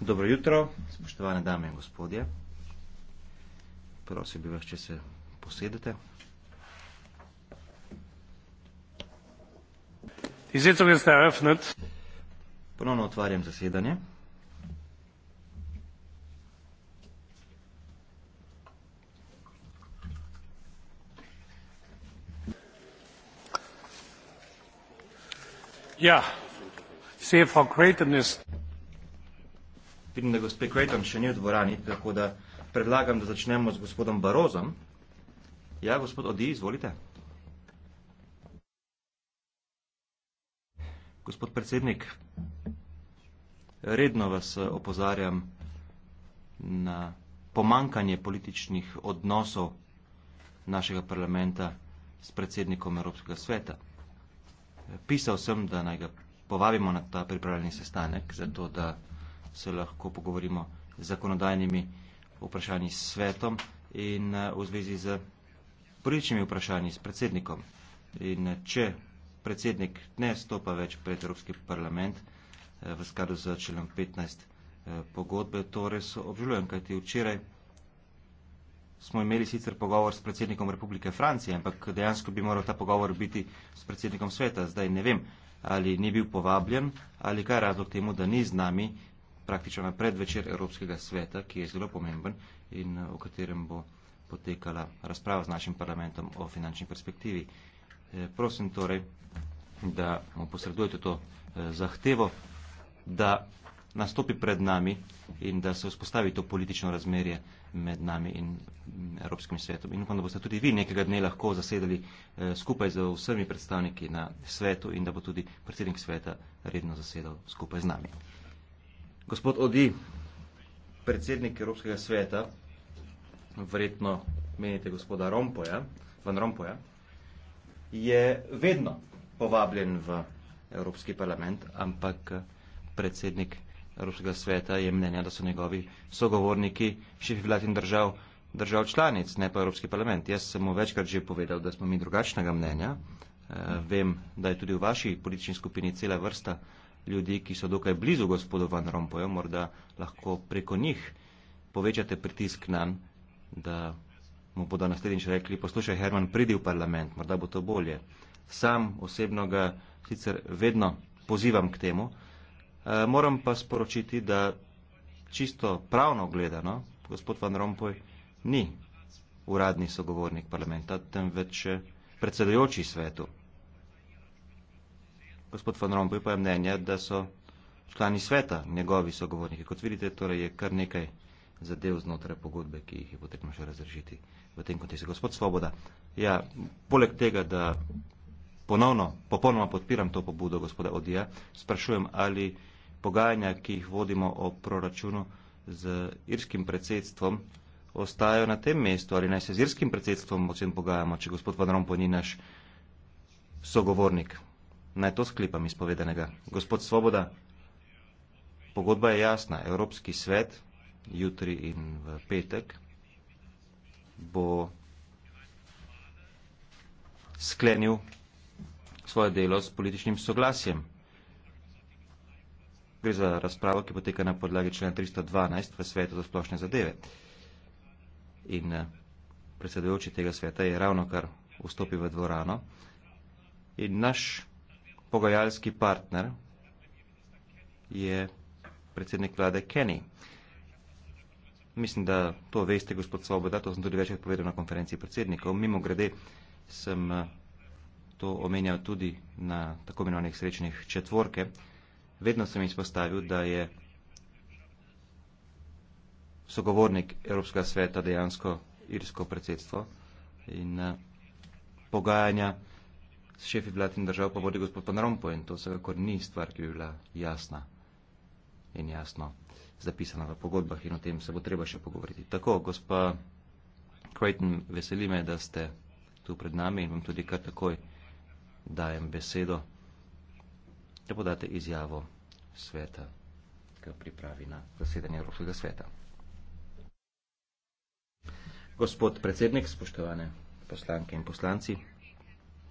dobro jutro spoštovane dame in gospodje prosim bi vas če se posedete Die Sitzung ist eröffnet. Ponovno otvarjam zasedanje. Ja. Vidim, da gospe Creighton še ni v dvorani, tako da predlagam, da začnemo z gospodom Barozom. Ja, gospod Odi, izvolite. Gospod predsednik, redno vas eh, opozarjam na pomankanje političnih odnosov našega parlamenta s predsednikom Evropskega sveta pisal sem, da naj ga povabimo na ta pripravljeni sestanek, zato da se lahko pogovorimo z zakonodajnimi vprašanji s svetom in eh, v zvezi z političnimi vprašanji s predsednikom. In eh, če predsednik ne stopa več pred Evropski parlament eh, v skladu z členom 15 pogodbe, torej so obžalujem, kajti včeraj smo imeli sicer pogovor s predsednikom Republike Francije, ampak dejansko bi moral ta pogovor biti s predsednikom sveta. Zdaj ne vem, ali ni bil povabljen, ali kaj je razlog temu, da ni z nami praktično na predvečer Evropskega sveta, ki je zelo pomemben in eh, o katerem bo potekala razprava z našim parlamentom o finančni perspektivi. E, prosim torej, da mu posredujete to e, zahtevo, da nastopi pred nami in da se vzpostavi to politično razmerje med nami in Evropskim svetom. In upam, da boste tudi vi nekega dne lahko zasedali eh, skupaj z vsemi predstavniki na svetu in da bo tudi predsednik sveta redno zasedal skupaj z nami. Gospod Odi, predsednik Evropskega sveta, verjetno menite gospoda Rompoja, Van Rompoja, je vedno povabljen v Evropski parlament, ampak eh, predsednik Evropskega sveta je mnenja, da so njegovi sogovorniki šefi vlad in držav, držav članic, ne pa Evropski parlament. Jaz sem mu večkrat že povedal, da smo mi drugačnega mnenja. Uh, vem, da je tudi v vaši politični skupini cela vrsta ljudi, ki so dokaj blizu gospodu Van Rompuyu, morda lahko preko njih povečate pritisk nam, da mu bodo naslednjič rekli, poslušaj Herman, pridi v parlament, morda bo to bolje. Sam osebno ga sicer vedno pozivam k temu, uh, Eh, moram pa sporočiti, da čisto pravno gledano, gospod Van Rompuy ni uradni sogovornik parlamenta, temveč predsedujoči svetu. Gospod Van Rompuy pa je mnenja, da so člani sveta njegovi sogovorniki. Kot vidite, torej je kar nekaj zadev znotraj pogodbe, ki jih je potrebno še razrešiti v tem kontekstu. Gospod Svoboda, ja, poleg tega, da ponovno, popolnoma podpiram to pobudo gospoda Odija, sprašujem, ali pogajanja, ki jih vodimo o proračunu z irskim predsedstvom, ostajajo na tem mestu ali naj se z irskim predsedstvom o tem pogajamo, če gospod Van Rompuy ni naš sogovornik. Naj to sklipam iz povedanega. Gospod Svoboda, pogodba je jasna. Evropski svet jutri in v petek bo sklenil svoje delo s političnim soglasjem. Gre za razpravo, ki poteka na podlagi člena 312 v svetu za splošne zadeve. In eh, predsedujoči tega sveta je ravno kar vstopil v dvorano. In naš pogajalski partner je predsednik vlade Kenny. Mislim, da to veste, gospod Svoboda, to sem tudi večkrat povedal na konferenciji predsednikov. Mimo grede sem eh, to omenjal tudi na tako imenovanih srečnih četvorke vedno sem izpostavil, da je sogovornik Evropskega sveta dejansko irsko predsedstvo in uh, pogajanja s šefi vlad in držav pa vodi gospod Pan Rompo in to vsekakor ni stvar, ki bi bila jasna in jasno zapisana v pogodbah in o tem se bo treba še pogovoriti. Tako, gospa Creighton, veseli me, da ste tu pred nami in vam tudi kar takoj dajem besedo da podate izjavo sveta, ki pripravi na zasedanje Evropskega sveta. Gospod predsednik, spoštovane poslanke in poslanci.